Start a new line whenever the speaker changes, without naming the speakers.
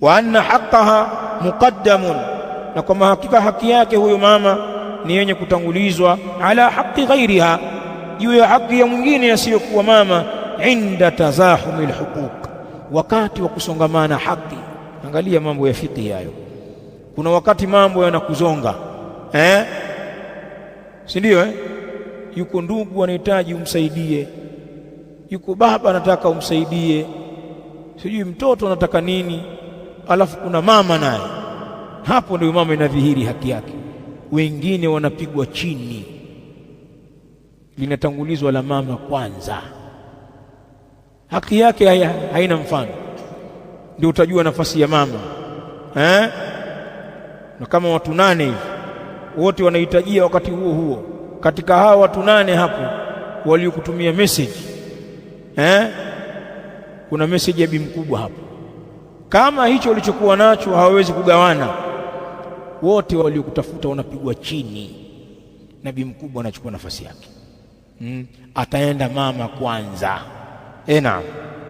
wa anna haqqaha muqaddamun, na kwamba hakika haki yake huyo mama ni yenye kutangulizwa, ala haqqi ghairiha, juu ya haki ya mwingine asiyokuwa mama, inda tazahumi lhuquq, wakati wa kusongamana haki. Angalia mambo ya fiqhi hayo, kuna wakati mambo yanakuzonga eh? si ndio eh? Yuko ndugu anahitaji umsaidie, yuko baba anataka umsaidie, sijui mtoto anataka nini alafu kuna mama naye hapo, ndio mama inadhihiri haki yake. Wengine wanapigwa chini, linatangulizwa la mama kwanza, haki yake haya, haina mfano. Ndio utajua nafasi ya mama eh? na kama watu nane hivi wote wanahitajia wakati huo huo, katika hawa watu nane hapo waliokutumia message eh? kuna message ya bi mkubwa hapo kama hicho ulichokuwa nacho hawawezi kugawana, wote waliokutafuta wanapigwa chini. Nabii mkubwa anachukua nafasi yake, hmm. Ataenda mama kwanza, ena eh,